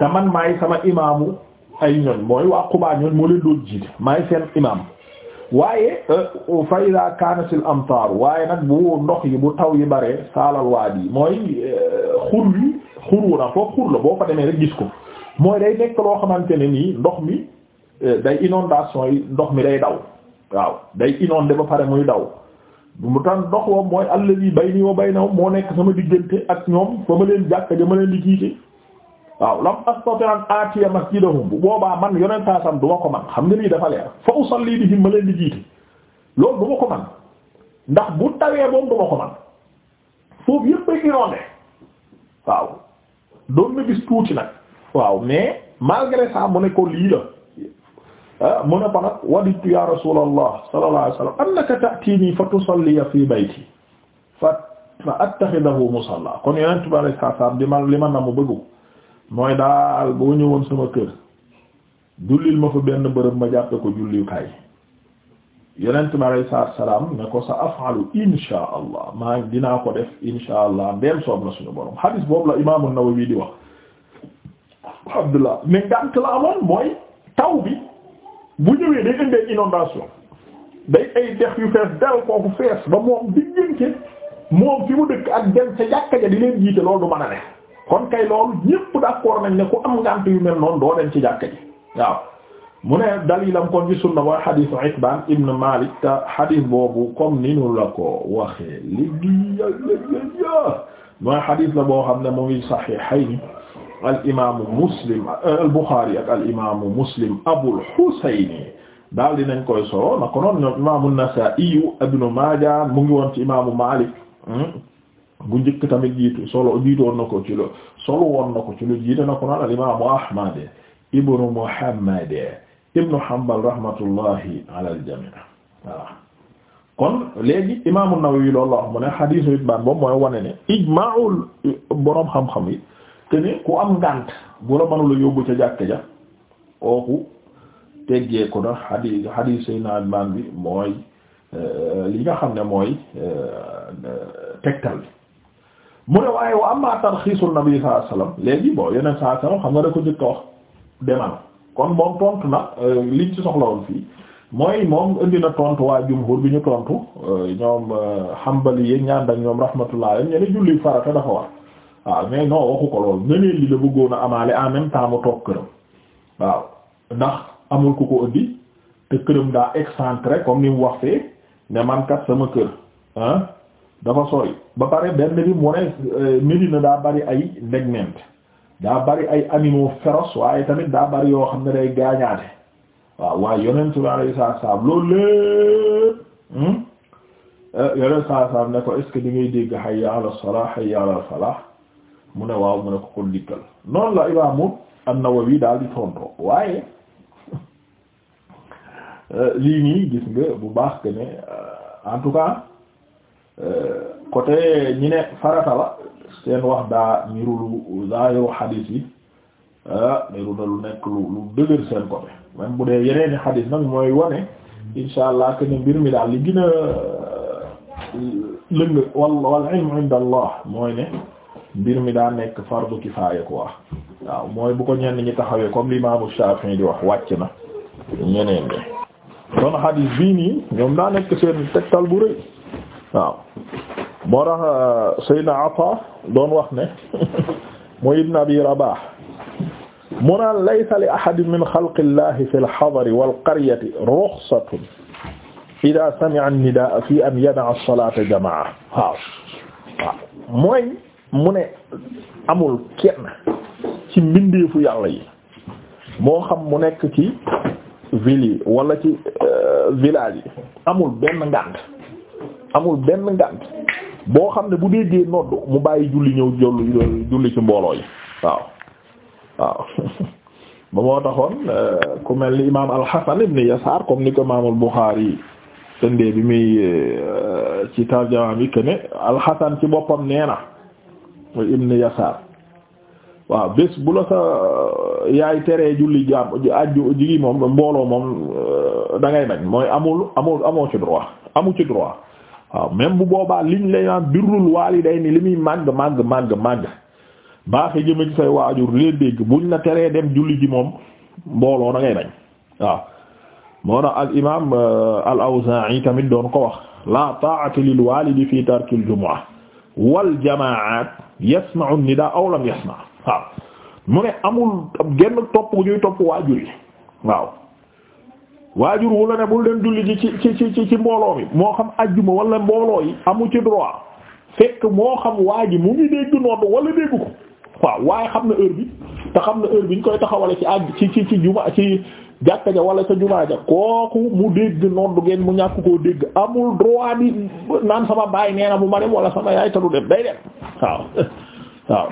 te man maay sama imaamu ay ñoñ mooy waa Quba ñoñ moo leen doon jiite maay seen imaam waaye euh, fa ida kanat al amtar waaye nag bu ndox yi bu taw yi bare saalal waadi mooy euh, xur yi xuru na foofu xur la boo fa demee rek gis ko mooy day nekk loo xamante ne nii ndox mi euh, day inondation yi ndox mi day daw waaw day inondé ba pare muy daw mu tan ndox wa mooy allazi bayni wa baynahum moo nekk sama diggante ak ñoom fa ma leen jàkk ja ma leen di jiite waaw lam astati atiya masjidahum bu boobaa man yoneen taasam du ma ko man xam nga lii dafa leer fa usalli bihim ma leen di jiite loolu du ma ko man ndax bu tawee moom du ko man foofu yëpp ay inondé waaw doon na gis tuuti nag waaw mais malgré ça mu ne ko lii la ah mu ne ko nag waditu ya rasulallah sallallahu alayhi wasallam annaka ta'tini fa tusalli fi bayti fa attaxidahu musalla kon yonent bi alayhi salaam di ma li man na mu bëggu mooy daal boo ñëwoon sama kër jullil ma fa benn bërëb ma jàppe ko julliwukaay yonent bi ne ko sa afaalu insha allah maa dinaa ko def insha allah ndéem soob na suñu borom hadis boobu la imaamu Nawawi di wax Abdullah ne ngànt la amoon mooy taw bi bu ñëwee day indee inondation day ay dex yu fees del kooku fees ba moom diggante moom fi mu dëkk ak dem sa jàkka ja di leen jiite loolu du mën a ne kon kay loolu ñépp d'accord nañ ne ku am ngànt yu mel noonu doo dem ci jàkka ji waaw mu ne dalilam kon ci sunna mooy xadiisu Itbaan ibn Maalik te xadiis boobu comme ni ñu la ko waxee léegi ya ya mooy xadiis la boo xam ne mu ngi Saxiixayni al imaamu Muslim euh, al Buxaari ak Muslim Abul Xusayni daal na ko noonu mu ngi woon imaamu Maalik hmm? bu njëkk tamit jiitu solo jiitoon na ko ci lu solo na ko ci lu jiite na ko naan al imaamu Ahmad ibnu Muhammad ibnu Hanbal rahmatullahi ala al jami' kon léegi imaamu Nawawi loolu mu ne xadiisu it boobu mooy wane ne ijmaa'ul boroom xam-xam yi te ne ku am ngànt bu la mënula yóbbu ca jàkk ja kooku teggee ko na xadiis xadiis sayna bi mooy euh, li nga xam ne mooy euh, euh, tegtal mu ne waaye wa amma tarxiisul nabi sallallahu alayhi wasallam léegi bon yeneen sallallahu alayhi wasallam xam nga da ko jëkk a wax demal kon moom tontu na euh, liñ ci soxla woon fii mooy moom indi na tontu waa jumhur bi ñu tontu euh, ñoom euh, Hanbali yi ñaan ak ñoom rahmatullah alayhi ñeneen julli farata dafa war waaw mais non waxu ko lool ñeneen li la bëggoon amaale en même mu toog këram waaw ndax amul ku ko indi te këram daa excentré comme ni mu wax fee ne man kat sama kër dafa sori ba pare benn bi mu ne euh, Médina daa bari ay ndegment daa bari ay animaux féroces waaye tamit daa bari yoo xam ne day gaañaate waaw waaye yonent bi alayhi salaam loolu lépp hmm? euh, yonent salaam ne ko est ce que di ngay dégg hayya ala salah hayya ala salah mu ne waaw mu ne ko kon dikkal noonu la imaamu an-Nawawi daal di tontoo waaye euh, lii nii gis nga bu baax que ne en tout cas Euh, côté ñi ne farata la seen wax daa niru lu zaahiru xadiis yi ah, niru na lu nekk lu lu dëgër seen côté même bu dee yeneeni xadiis nag mooy wane insha allah que mbir mi daal li gën lëng wal wal ilmu inda allah mooy ne mbir mi daa nekk fardu kifaaya quoi waaw mooy bu ko ñenn ñi taxawee comme l'imaamu Shaafi'i di wax wàcc na ñeneen ñi kon xadiis bii nii ñoom daa nekk seen tegtal bu waaw moo tax euh, Seydina Ata doon wax ne mooy Ibn Abi Rabah mu naan laysa li ahadin min xalqi llahi fi lxadari walqaryati ruxsatun ida sami'a an-nidaa fi an yada'a as-salaata jamaa waaw waaw mooy mu ne amul kenn ci mbindeefu yàlla yi moo xam mu nekk ci ville yi wala ci euh, village yi amul benn ngànt amul benn ngànt boo xam ne bu déggee nodd mu bàyyi julli ñëw jollu julli ci mbooloo yi waaw waaw ba moo taxoon euh, ku mel ni imaam al-Hasan Yasaar comme ni ko imaamul Buxaari tëndee bi muy euh, ci tarjama bi que ne al ci boppam nee na ibn Yasaar waaw bés bu la sa euh, yaay teree julli jaam aju jigi moom mbooloo moom da ngay bañ mooy amul amul amoo ci droit amul ci droit waaw même bu boobaa liñ lay naan birrul waalidayni li muy màgg màgg màgg màgg baaxee jëme ci say waajur leen dégg buñ la teree dem julli ji moom mbooloo na ngay bañ waaw moo tax al imaam euh, tamit doon ko wax la ta'ata lil walidi fi tarkil jumu'a wal jamaa'at yasma'u nidaa aw lam yasma' waaw mu ne amul genn topp ñuy topp waajur yi waaw waajur wu la ne bul dem julli ci ci ci ci mbooloo mi moo xam ajjuma walla mbooloo yi amu ci droit fekk moo xam waa ji mu ngi dégg nodd wala dégg ko waaw waaye xam na heure bi te xam na heure bi ñu koy taxawale ci àgg ci ci ci ci jàkka ja wala ca jumaa ja kooku mu dégg nodd geen mu ñàkk koo dégg amul droit bi naan sama baay nee na bu ma dem wala sama yaay ta du day dem waaw waaw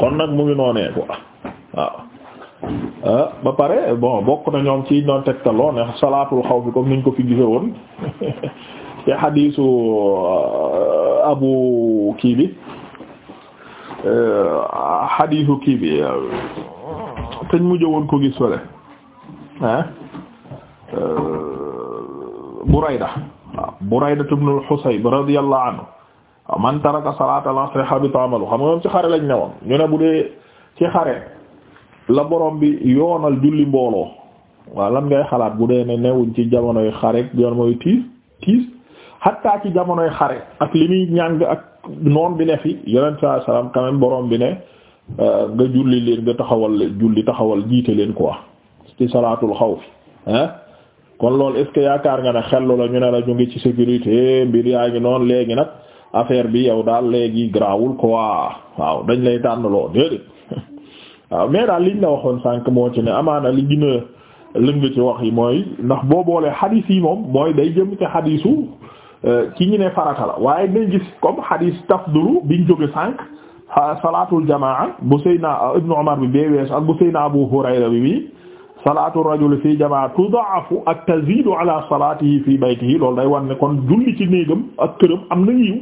kon nag mu ngi noonee quoi waaw Ah, ba pare bon bokk na ñoom ci ñoon tegtaloo ne salaatul xaw fi comme niñ ko fi gise woon ci xadiisu ah, abu kii bi ah, xadiisu kii bi teñ mujj woon ko gis fële ah Burayda waaw Burayda ibn al-Husayb radiyallahu man taraka salaatal asr habita amalu xam nga ci xare lañ newoon ñu ne bu dee ci xare la borom bi yoonal julli mbooloo waaw lan ngay xalaat bu dee ne newuñ ci jamonoy xare ak jamonoy tiis tiis xattaa ci jamonoy xare ak li muy ñàng ak noon bi ne fi yonent saa salaam quand même borom bi ne euh, nga julli leen nga taxawal julli taxawal jiite leen quoi ci salaatul xawf ah kon loolu est ce que yaakaar nga ne xellu la ñu ne la ñu ngi ci sécurité mbir yaa ngi noonu léegi nag affaire bi yow daal léegi grawul quoi waaw dañ lay tànn loo déedéet waaw mais daal liñ la waxoon sànq moo ci ne amaana li gën a lëng ci wax yi mooy ndax boo boolee xadis yi moom mooy day jëm ci xadisu euh, ci ñu ne farata waaye dinañ gis comme xadis tafdulu biñ jóge sànq salaatul jamaa bu Seyna euh, Ibnu Umar bi bee weesu ak bu Seyna Abu Hurayra bi bi salaatu rajul fi jamaa tudaafu ak tazidu ala salaatihi fi baytihi loolu day war ne kon julli ci néegam ak këram am na yiw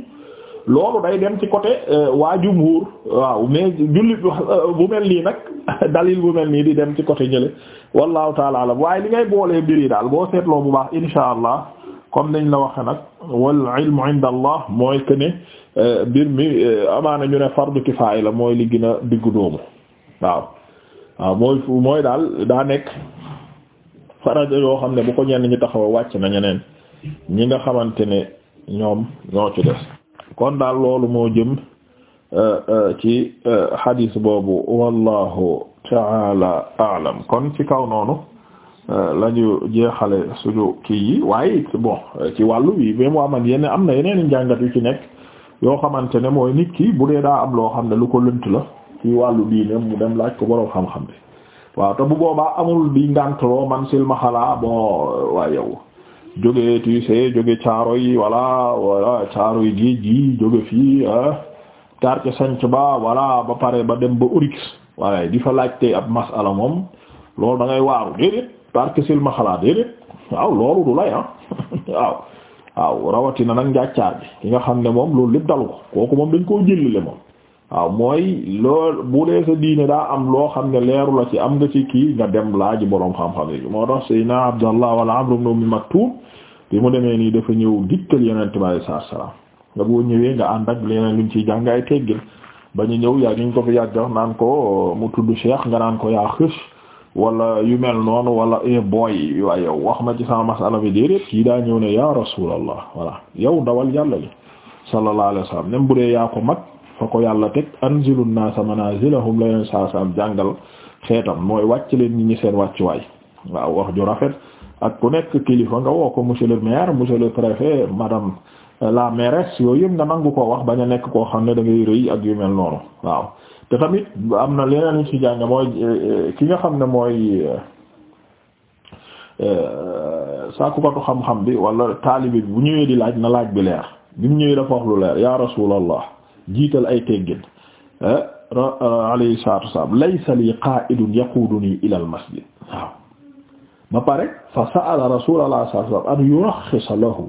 loolu day dem ci côté euh, waa jumhur waaw mais jullit euh, bu mel nii nag dalil bu mel nii di dem ci côté ñële wallahu taala alam waaye li ngay boolee mbir yi daal boo seetloo bu baax insha allah kon nañ la waxe nag wal ilmu inda allah mooy que ne euh, mbir mi amaana ñu ne fardu la mooy li gën a diggu doomu waaw waaw mooy mooy daal daa nekk farata yoo xam ne bu ko ñenn ñi taxaw wàcc na ñeneen ñi nga xamante ne ñoom ñoo ci des kon daal loolu moo jëm euh, euh, ci hadis euh, boobu wallahu taala alam kon ci kaw noonu lañu jeexale suñu kii yi waaye bon ci wàllu wi même waa man yenn am na yeneen i njàngat yu ci nekk yoo xamante ne mooy nit ki bu dee daa am loo xam ne lu ko lënt la ci wàllu diine mu dem laaj ko borom xam-xam bi waaw te bu boobaa amul di ngàntaloo man silmaxalaa moo waa yow jóge Tuisé jóge Caaroy wala wala yi géej gi jóge fii quartier ah, Sanc ba wala ba pare ba dem ba Orix waaye di fa laajte ab masala moom loolu da ngay waaru déedéet parce silma xalaat déedéet waaw loolu du lay ah waaw waaw rawatina nag njàccaar bi ki nga xam ne moom loolu lépp dalu ko kooku moom dañ koo jëlile moom waaw mooy lool bu dee sa diine daa am loo xam ne leeru la ci am nga ci kii nga dem laaji boroom xam-xam yi moo tax Seydina Abdallah wala Amr bi mu demee nii dafa ñëw dikkal yonent bi alayhi salaatu salaam nga boo ñëwee nga ànd ak leneen luñ ci jàng ay bañu ñëw yaa ngi ko fi yàgg wax naan ko mu tudd cheikh nga naan ko yaa xës wala yu mel noonu wala e waaye yow wax ma ci sama masala bi déedéet kii daa ñëw ne yaa rasulallah voilà yow ndawal yàlla li sallallahu alayhi wa bu dee yaa ko mag fa ko yàlla teg anzilu naasa manazilahum la yeneen saa saam jàngal xeetam mooy wàcc leen ñi ñi seen wàccuwaay waaw wax ju rafet ak ku nekk kilifa nga woo ko monsieur le maire monsieur le préfet madame euh, la mairesse yooyu yëpp nga nangu koo wax bañ a nekk koo xam ne da ngay rëy ak yu mel noonu waaw te tamit am na leneen ci jàng mooy euh, euh, ki nga xam ne mooy sàkkukatu xam-xam bi walla taalibi bi bu ñëwee di laaj na laaj bi leer bi mu ñëwee dafa wax lu leer ya rasulallah jiital ay teggin alayhi salatu wasalam laysa li qa'idun yaquduni ila al masjid waaw ba pare fa sa'ala rasulullah sallallahu alayhi wa sallam an yurakhkhisa lahu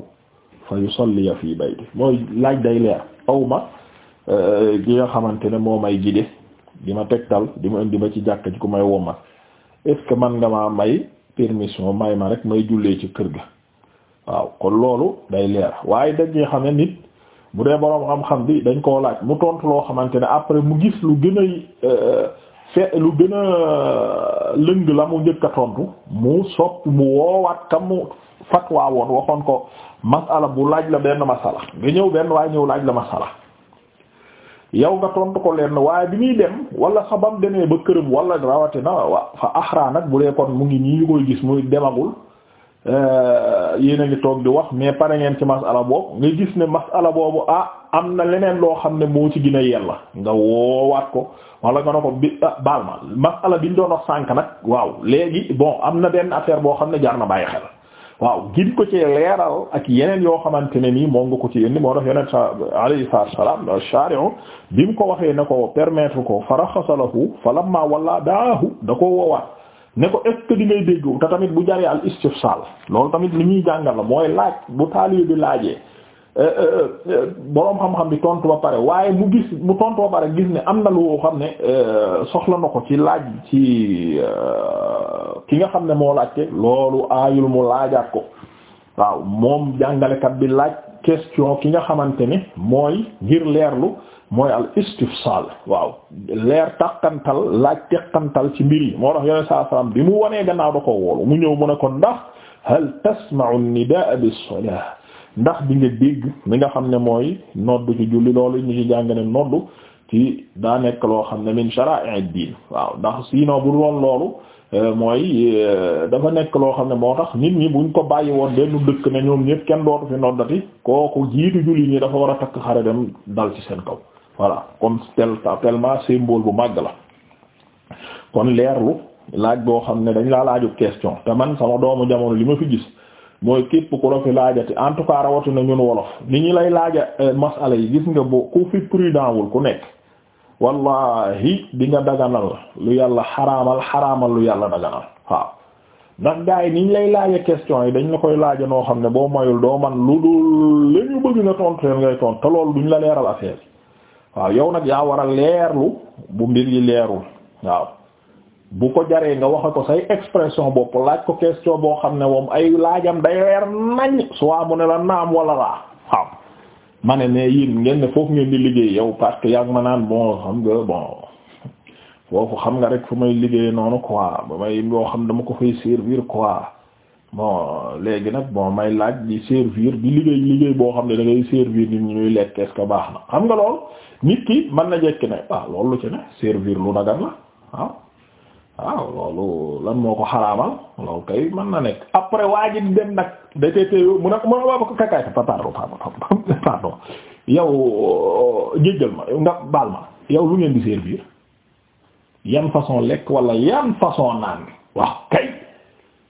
fa yusalli fi bayti mooy laaj day leer aw ma euh, gi nga xamante ne moo may gide di ma tegtal di ma indi ma ci jàkk ci ku may wommat est-ce que man nga maa may permission may ma rek may jullee ci kër ga waaw kon loolu day leer waaye dañuy xam ne nit bu dee boroom xam-xam bi dañ koo laaj mu tontu loo xamante ne après mu gis lu gën a euh, fe lu gën a euh, lëng la mu njëkk a tontu mu sopp mu woowaat kam mu fatwa woon waxoon ko masala bu laaj la benn masala nga ñëw benn waaye ñëw laaj la masala yow nga tontu ko lenn waaye bi muy dem wala sa bam demee ba këram wala rawatina wa fa axraa nag bu dee kon mu ngi nii koy gis muy demagul Euh, yéen a toog di wax mais pare ngeen ci masala boobu nga gis ne masala boobu ah am na leneen loo xam ne moo ci gën a yella nga woowaat ko wala nga ne ko bi ah baal ma masala bi ñu doon wax sànk nag waaw léegi bon am na benn affaire boo xam ne jar na bàyyi xel waaw gin ko ci leeral ak yeneen yoo xamante ne nii moom nga ko ci indi moo tax yeneen sa alayhi salaam shari'u bi mu ko waxee ne ko permettre ko fa raxasalahu fa lamma walla daahu da ko woowaat ne ko est-ce que di ngay dégg te tamit bu jaree al istifsal loolu tamit li ñuy jàngal la mooy laaj bu taalibe bi laajee eh, eh, eh, boroom xam-xam bi tontu ba pare waaye mu gis mu tontu ba pare gis ne am na lu xam ne soxla na ko ci laaj ci ki nga xam ne moo laajte loolu aayul mu laajaat ko waaw moom jàngalekat bi laaj question ki nga xamante ne mooy ngir leerlu mooy al istifsal waaw leer takkantal laaj teqantal ci mbir yi moo tax yoneen saa salaam bi mu wanee gannaaw da ko woolu mu ñëw mu ne ko ndax hal tasma'u a bis-salah ndax bi nga dégg mi nga xam ne mooy noddu ci julli loolu ñu ci jàng ne noddu ci daa nekk loo xam ne min sharaa'id diin waaw ndax sinon bu doon loolu euh, mooy euh, dafa nekk loo xam ne moo tax nit ñi buñ ko bàyyi woon benn dëkk ne ñoom ñëpp kenn dootu fi noddati kooku jiitu julli ñi dafa war a takk xare dem dal ci seen kaw voilà comme tel tellement symbole bu màgg la kon leerlu laaj boo xam ne dañ laa laaju question te man sama doomu jamono li ma fi gis mooy képp ku la fi laajati en tout cas rawatina ñun wolof ni ñu lay laaja euh, masala yi gis nga boo ku fi prudent wul ku nekk wallahi di nga daganal lu yàlla xaraamal xaraamal lu yàlla daganal waaw ndax gars yi niñ lay laaja question yi dañ la koy laaja noo xam ne boo mayul doo man lu dul la ñu bëgg nga tontu leen ngay tontu te loolu duñ la leeral affaire waaw yow nag yaa war a leerlu bu mbir yi leerul waaw bu ko jaree nga waxe ko say expression bopp laaj ko question boo xam ne moom ay laajam day leer nañ soit mu ne la naam wala laa waaw ma ne ne yéen ngeen ne foofu ngeen di liggéey yow parce que yaa ngi ma naan bon xam nga foofu xam nga rek fu may liggéey noonu quoi ba may yoo xam dama ko fay servir quoi bon léegi nag bon may laaj di servir di liggéey liggéey boo xam ne da ngay servir nit ñuy lekk est-ce que baax na xam nga lool nit ki man na jekki ne waaw ah, loolu lu ci ne servir lu dagan la waaw loolu lan moo ko xaraamal loolu kay mën na nekk après waa ji dem nag daytay téy mu ne mën waa ba ko kakaay pa pardon pardon pardon yow euh, ma nga baal ma yow lu ngeen di servir yan façon lekk wala yan façon naan waaw kay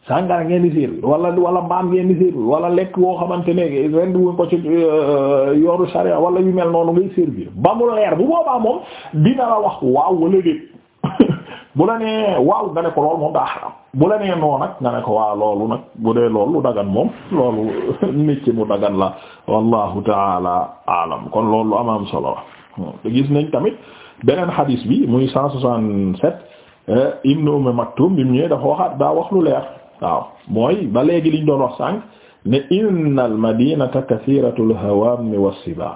sàngara ngeen di servir wala wala mbaam ngeen di servir wala lekk woo xamante ne ren di wuñ ko ci euh, yoru sharia wala yu mel noonu ngay servir ba mu leer bu boobaa moom dina la wax waaw wala déet bu la nee waaw nga ne ko lool moom daa xaram bu la nee noo nga ne ko waaw loolu nag bu dee loolu dagan moom loolu métier mu dagan la wallahu taala alam kon loolu am am solo la hmm. gis nañ tamit beneen xadiis bi muy 167 euh, Ibnu Umm Maktum bi mu dafa waxaat daa wax lu waaw mooy ba léegi liñ doon wax sànq ne inna al madinata kathiratu l hawami wassiba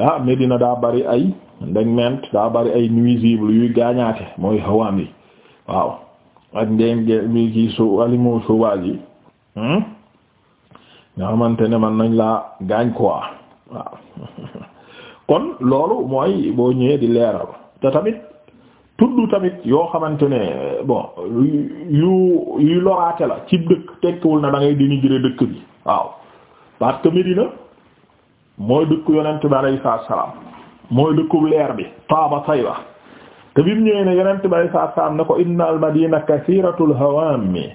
ah Medina daa bari ay ndegment daa bari ay nuisible yuy gaañaate mooy hawaam yi waaw ak ndege mi kii su alimo sauvage yi hmm? nga xamante ne man nañ laa gaañ quoi waaw kon loolu mooy boo ñëwee di leeral te tamit tudd tamit yoo xamante ne bon yu yu loraate la ci dëkk tekkiwul na da ngay dénigrer dëkk bi waaw parce que Médina mooy dëkk yonent bi alayhi salaam mooy dëkkub leer bi Taaba Tayba te bi mu ñëwee ne yonent bi alayhi salaam ne ko innal madina kasiiratul hawaami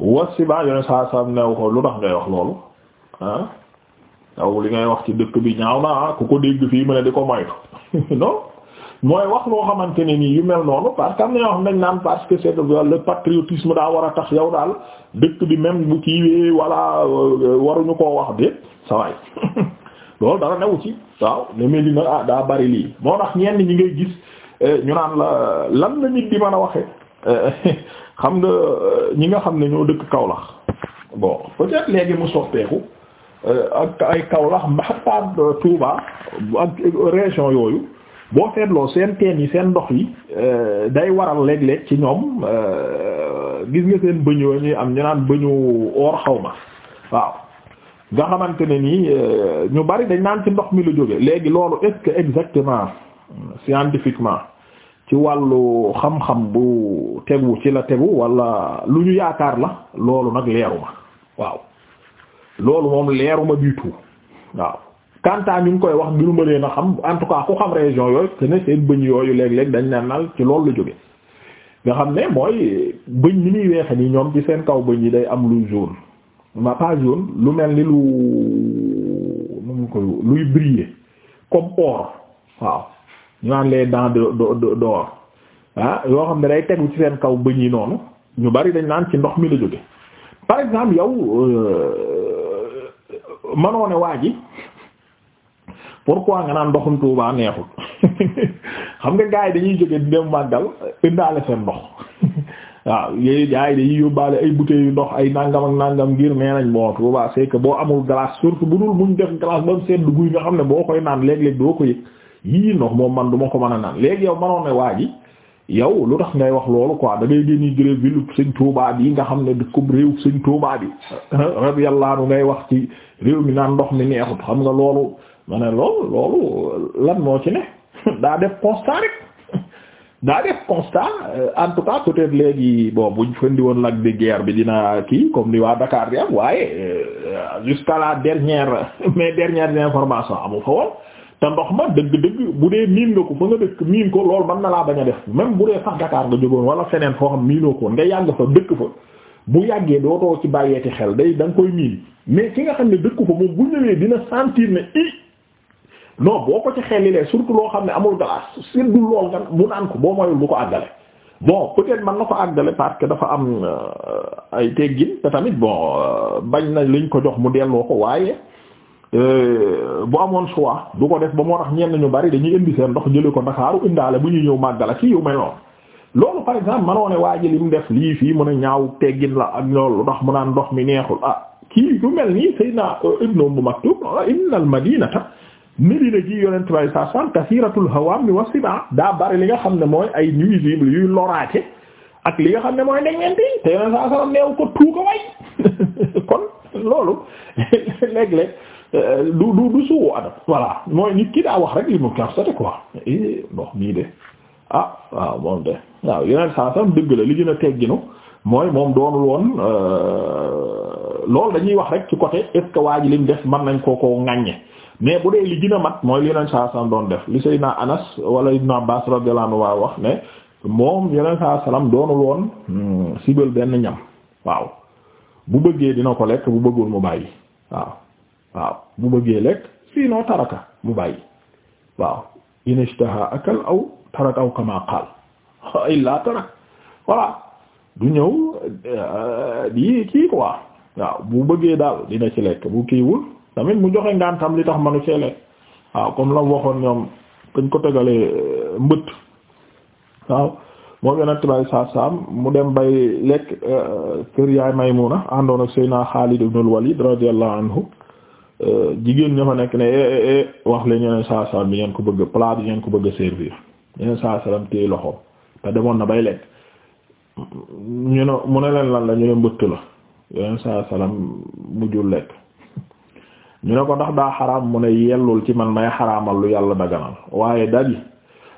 wasiba yonent salaam ne ko lu tax ngay wax loolu ah. taw li ngay wax ci dëkk bi ñaaw na ah ku ko dégg fii mu ne di ko moytu non. mooy wax loo xamante ne nii yu mel noonu parce que am na ñoo xam nañ naan parce que c'est le patriotisme daa war a tax yow daal dëkk bi même bu kiiwee walla euh, waruñu koo wax déet sa loolu dara newu ci waaw ne Medina ah daa bari lii moo tax ñenn ñi ngay gis euh, ñu naan la lan la nit di mën a waxee euh, xam nga ñi nga xam ne ñoo dëkk Kaolack bon peut-être léegi mu soppeeku ak ay Kaolack mbaa Touba ak région yooyu. boo seetloo seen teen yi seen ndox yi euh, day waral léeg-léeg ci ñoom euh, gis nga seen bëñoo ñuy am ñu naan bëñu or xaw waaw nga xamante ne nii euh, ñu bari dañ naan ci ndox mi lu jóge léegi loolu est-ce que exactement scientifiquement ci wàllu xam-xam bu tegu ci la tegu wala lu ñu yaakaar la loolu nag leeruma waaw loolu moom leeruma du tout waaw kanta ñu ngi koy wax gënuma leen a xam en tout cas ku xam région yooyu te ne léeg-léeg dañ naan nal ci loolu la jóge nga xam ne mooy bëñ ni muy weexe ni ñoom ci seen kaw bëñ yi day am lu jaune ma pas jaune lu mel ni lu nu mu koy luy briller comme or waaw ñu naan les dents de d'or ah yoo xam ne day tegu ci seen kaw bëñ yi noonu ñu bari dañ naan ci ndox mi la jóge par exemple yow euh, mënoo waa ji pourquoi nga naan ndoxum Tuubaa neexul xam nga gars yi dañuy jóge di dem màggal indaale seen ndox waaw yooyu gars yi dañuy yóbbaale ay bouteilles yu ndox ay nangam ak nangam ngir nee nañ bon Tuubaa boo amul glace surtout bu dul buñ def glace ba mu seetlu guy xam ne boo koy naan léeg-léeg doo ko yii ndox moom man du ma ko mën a naan léegi yow manoon ne waa ji yow lu tax ngay wax loolu quoi da ngay génn gré ville sëñ Tuubaa bi nga xam ne dëkkub réew sëñ Tuubaa bi radiyallahu ngay wax ci réew mi naan ndox mi neexut xam nga loolu ma ne loolu loolu lan moo ci ne daa def constat rek daa def constat euh, en tout cas peut-être léegi bon buñ fëndi woon lag di guerre bi dina kii comme ni waa Dakar di am waaye euh, jusqu'à la dernière mais dernières informations amu fa woon te ndox ma dëgg-dëgg bu dee miin nga ko fa nga dëkk miin ko lool mën na laa bañ a def même bu dee sax Dakar nga jógoon wala feneen foo xam miinoo ko nga yàgg fa dëkk fa bu yàggee dootoo ci bàyyeeti xel day da koy miin mais non boo ko ci xellilee surtout loo xam ne amul glace surtout lool nga mu naan ko boo mayul bu ko àggale bon peut man na ko àggale parce que dafa am euh, ay teggin te tamit bon euh, bañ na liñ ko jox mu delloo ko waaye euh, bu amoon choix du ko def ba moo tax na ñu bari dañuy indi seen ndox jëlee ko Ndakaaru indaale bu ñuy ñëw màggala ci yu may noonu loolu par exemple manoo ne waa mu def lii fii mu a ñaaw teggin la ak loolu ndox mu naan ndox mi neexul ah kii yu mel nii Seydina Ibn Umm Maktum ah, innal madinata Medina gi yonent way sa san kasiratul hawaam wa sibaa daa bari li nga xam ne mooy ay nuisible yuy loraate ak li nga xam ne mooy ndeññeenti te yonent saa sallam neew ko tuuka way kon loolu léeg-léeg euh, du du du suwu adam mooy nit ki daa wax rek li mu karsate quoi eh, bon nii de ah waaw moom de waaw yonent saa sallam dëgg la li gën a tegginu mooy moom doonul woon euh, loolu dañuy wax rek ci côté est ce lim def man nañ koo ko ŋàññe mais bu dee li gën a mat mooy li yeneen saa salaam doon def li Seydina Anas wala Ibn Abbas radiyallahu anhu waa wax ne moom yeneen saa salaam doonul woon hmm, sibal benn ñam waaw bu bëggee dina ko lekk bu bëggul mu bàyyi waaw waaw bu bëggee lekk sinon taraka mu bàyyi waaw in akal aw taraka aw kama qaal tarak voilà du ñëw euh, di kii quoi waaw bu bëggee daal dina ci lekk bu kiiwul tamit mu joxe ngantam li tax manu ceele waaw comme la waxoon ñoom dañ ko tegalee euh, mbëtt waaw moom yonent bay saa saam mu dem bay lekk euh, kër yaay Maymuna àndoon ak naa Xaalid ibnul Walid radiyallahu anhu euh, jigéen ña fa nekk ne eh, eh, eh, wax leen yeneen saa bi ngeen ko bëgg plat bi ngeen ko bëgg servir yeneen saa saam téye loxoom te demoon na bay lekk ñu mu ne leen lan la ñu ne mbëtt la yeneen saa saam mujjul lekk ñu ne ko ndax daa xaraam mu ne yellul ci man may xaraamal lu yàlla daganal waaye dali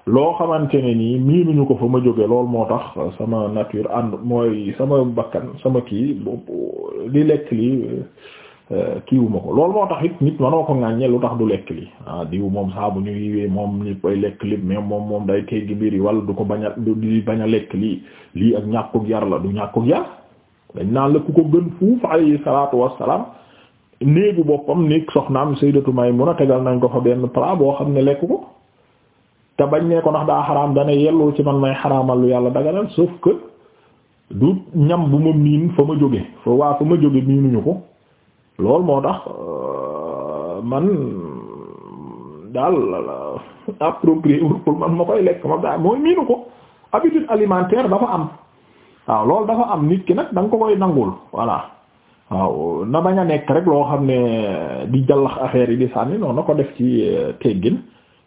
loo xamante ne nii miinuñu ko fa ma jóge lool moo tax sama nature ànd mooy sama bakkan sama kii li lekk li euh, kiiwuma ko lool moo tax it nit manoo ko ŋàññe lu tax du lekk li ah diw moom saa bu ñu moom ñi koy lekk li mais moom moom day teggi mbir yi wala du ko bañ a du bañ a lekk lii lii ak ñàkkug yar la du ñàkkug yar dañ naan la ku ko gën fuuf alayhi salaatu néegu boppam néeg soxnaam Sayyidatu Maymuna tegal nañ ko fa benn plat boo xam ne lekk ko te bañ ne ko nax daa xaraam dana yellu ci man may xaraamal lu yàlla daganal sauf que du ñam bu ma miin fa ma jóge fa waa fa ma jóge miinuñu ko loolu moo tax euh, man daal approprié man ma koy lekk ma daa mooy miinu ko habitude alimentaire dafa am waaw loolu dafa am nit ki nag da ko koy nangul voilà waaw na bañ a nekk rek loo xam ne di jallax affaire yi di sànni noonu na ko def ci euh, teggin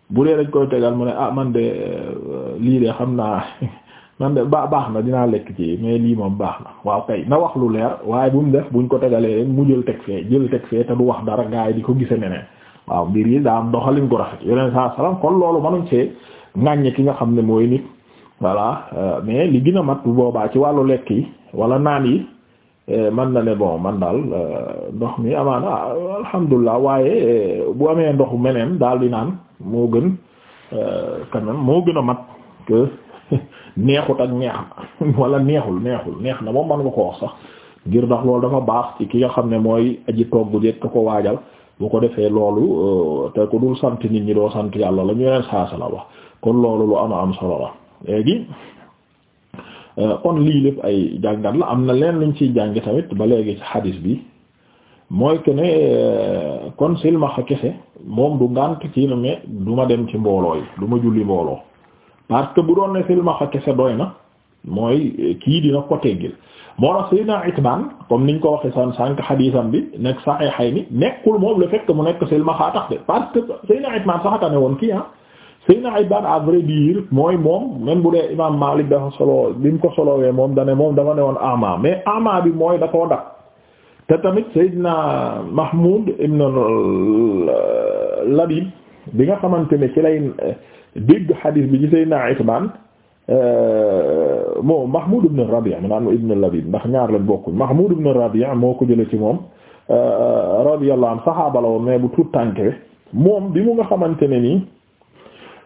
bu dee dañ koy tegal mu ne ah man de euh, lii de xam naa man de ba baax na dinaa lekk ci mais lii moom baax na waaw kay na wax lu leer waaye bu mu def buñ ko tegalee rek mu jël teg fee jël teg fee te du wax dara gaa yi di ko gisee neneen waaw mbir yi daa am doxalin gu rafet yeneen saa salaam kon loolu manuñ see ŋàññe ki nga xam ne mooy nit voilà euh, mais li gën a mat boobaa ci wàllu lekk yi wala naan yi Eh, man na ne bon man daal euh, ndox mi amaana alhamdulilah waaye eh, bu amee ndoxu meneen daal di naan moo gën euh, quand moo gën a mat que neexut ak neex wala neexul neexul neex na moom man nga ko wax sax ngir ndax loolu dafa baax ci ki nga xam ne mooy aji togg jekk ko waajal boo ko defee loolu euh, te ko dul sant nit ñi doo sant yàlla la ñu yeneen saa sala wax kon loolu lu ama am solo la léegi Euh, kon lii lépp ay jàngat la am na leen lañ ciy jàng tamit ba léegi ci xadis bi mooy que ne euh, kon silmaxa kese moom du ngànt ci ne mais du ma dem ci mbooloo yi du ma julli mbooloo parce que bu doon ne silmaxa kese doy na mooy euh, kii dina ko teggil moo tax Seydina Itbaan comme niñ ko waxee san sànq xadiisam bi nekk saxiixay ni nekkul moom le fait que mu nekk silmaxa tax de parce que Seydina Itbaan sax a tane woon kii ah Seydina Ibban à vrai dire mooy moom même bu dee imaam Malik dafa solo bi mu ko solowee moom dane moom dafa ne woon ama mais ama bi mooy da koo dab te tamit Seydina Mahmoud ibn euh, Labib bi nga xamante ne ci lay euh, dégg xadiis bi ci Seydina Ibban bon euh, Mahmoud ibn Rabi' mu naan ibn Labib ndax ñaar lañ bokkuñ Mahmoud ibn Rabi' moo ko jëlee ci moom radiyallahu anhu saxaaba la woon mais bu tuut tànke moom bi mu nga xamante ne nii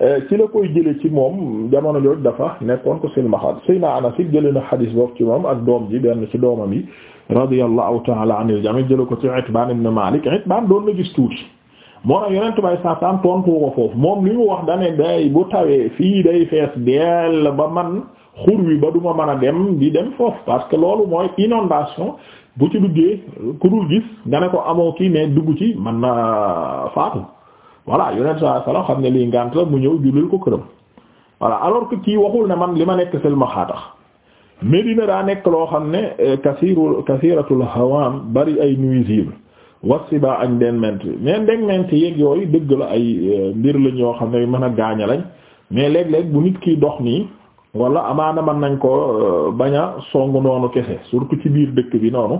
Euh, ci la koy jële ci moom jamono jooj dafa nekkoon ko silmaxaat sayna Anas it jële na xadiis boobu ci moom ak doom ji benn ci doomam yi radiyallahu ta'ala anil jami jële ko ci Itbaan ibn Maalik Itbaan doon na gis tuuti moo tax yonent bay saasaam tontu ko foofu moom li mu wax dane day bu tawee fii day fees dell ba man xur wi ba duma mën a dem di dem foofu parce que loolu mooy inondation bu ci duggee ku dul gis nga ne ko amoo kii mais dugg ci man na faatu voilà yonent saa sala xam ne lii ngànt la mu ñëw jullil ko këram voilà alors que kii waxul ne man li ma nekk sel ma xaatax daa nekk loo xam ne eh, kasiiru kasiratul hawaam bari ay nuisible wasiba añ den ment mais ndeg ment yeeg yooyu dëgg la ay eh, mbir lañ yoo xam ne mën a gaaña lañ mais léeg-léeg bu nit kiy dox nii wala amaana man nañ ko eh, bañ a song noonu kese surtout ci biir dëkk bi noonu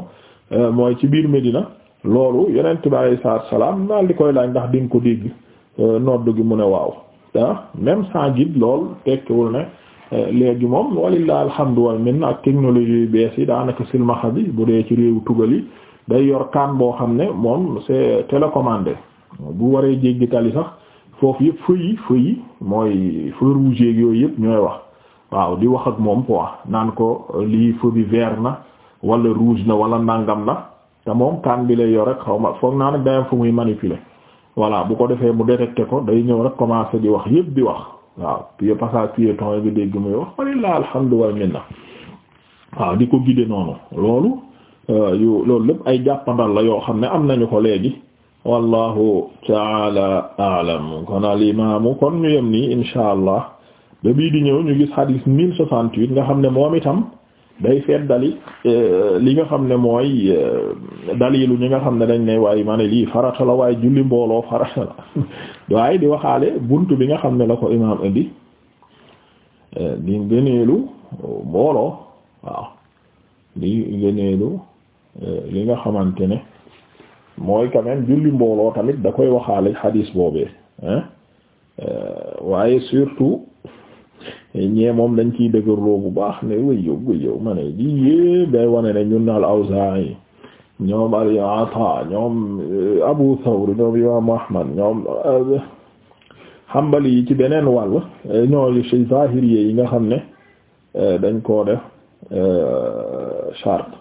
mooy ci biir Médina loolu yeneen bi alayhi salaam daal di koy laaj ndax di nga ko dégg euh, nodd gi mu ne waaw ah même sans guide loolu tekkiwul ne euh, léegi moom walillahi alhamdu wal ak technologie yu bees yi daanaka silmaxa bi bu dee ci réewu tugal yi day yor kaan boo xam ne moom c'est télécommandé bu waree jéggi tali sax foofu yëpp feu yi mooy feu rouge yooyu yëpp ñooy wax waaw di wax ak moom quoi naan ko euh, lii feu bi vert na wala rouge na wala nangam na. te moom kaan bi lay yor rek xaw ma foog naa nag day am fu muy manipuler voilà bu ko defee mu détecté ko day ñëw rek commencé di wax yëpp di wax waaw pied passage piéton bi dégg muy wax walilah alhamdu wal minna waaw di ko guider noonu loolu euh, loolu lépp ay jàppandal la yoo xam ne am nañu ko léegi wallahu taala aalam kon al imaamu kon ñu yem nii insha allah ba bii di ñëw ñu gis hadith mille soixante-huit nga xam ne moom itam day feet dali euh, li nga xam ne mooy euh, dalilu ñi nga xam ne dañ ne waaye ma ne lii farata la waaye julli mbooloo farata la waaye di waxaale bunt bi nga xam ne la ko imaam indi euh, di ngëneelu mbooloo waaw di li nga xamante ne mooy quand julli mbooloo tamit da koy waxaale xadiis boobee waaye surtout ñee moom dañ ciy dëgërloo bu baax ne wéy yow wéy yow ma ne lii yépp day wane ne ñun al Awzaa'i ñoom al Ataa ñoom euh, Abu Thawr ñoom Imaam Ahmad ñoom euh, Hanbali yi ci beneen wàll euh, ñooy ci Zaahiri yi nga xam ne dañ koo def charte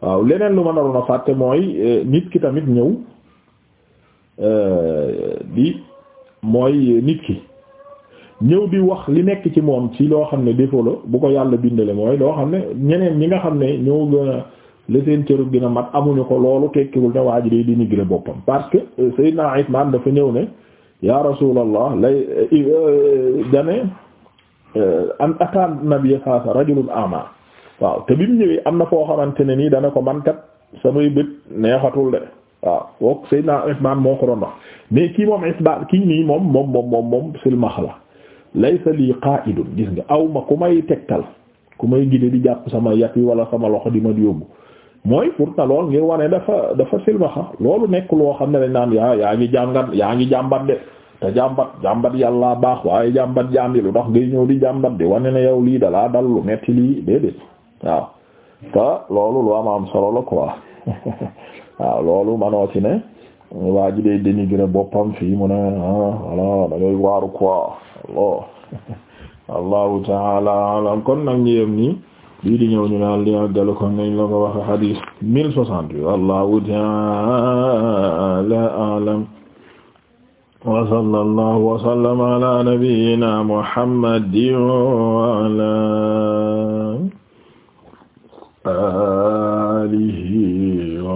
waaw leneen lu ma naroon a fàtte mooy nit ki tamit ñëw di mooy nit ki ñëw di wax li nekk ci moom ci loo xam ne défaut bu ko yàlla bindale mooy loo xam ne ñeneen ñi nga xam ne ñoo gën a li seen cëru gën mat amuñu ko loolu tekkiwul ne waa ji day dénigrer boppam parce que euh, Seydina Usmaan dafa ñëw ne ya rasulallah lay euh, euh, dane an ataan nabiyya sasa rajulun ama waaw te bi mu ñëwee am na foo xamante ne nii dana ko man kat samay bët neexatul de waaw wook naa Usmaan moo ko doon wax mais kii moom isba kii nii moom moom moom laysa lii qaa'idun gis nga aw ma ku may tegtal ku may gide di jàpp sama yat yi wala sama loxo di ma di yóbbu mooy pourtant lool ngir wane dafa dafa silmaxa loolu nekk loo xam ne dañ naan yaa yaa ngi jàngat yaa ngi jàmbat de te jàmbat yàlla baax waaye jàmbat jaam lu ndox ngay ñëw di jàmbat de wane na yow lii dalaa dal lu netti lii déedéet waaw te loolu lu am am solo la quoi waaw loolu manoo ci ne waa ji day dénigrer boppam fii mu ne ah voilà da ngay waaru quoi Allah allahu taala alam kon nag ñu yem nii lii di ñëw ñu naan li àggale kon nañ la ko waxe hadis mille soixante-huit allahu taala alam wa sallallahu wa sallama ala nabiyyina muhammadin wa ala alihi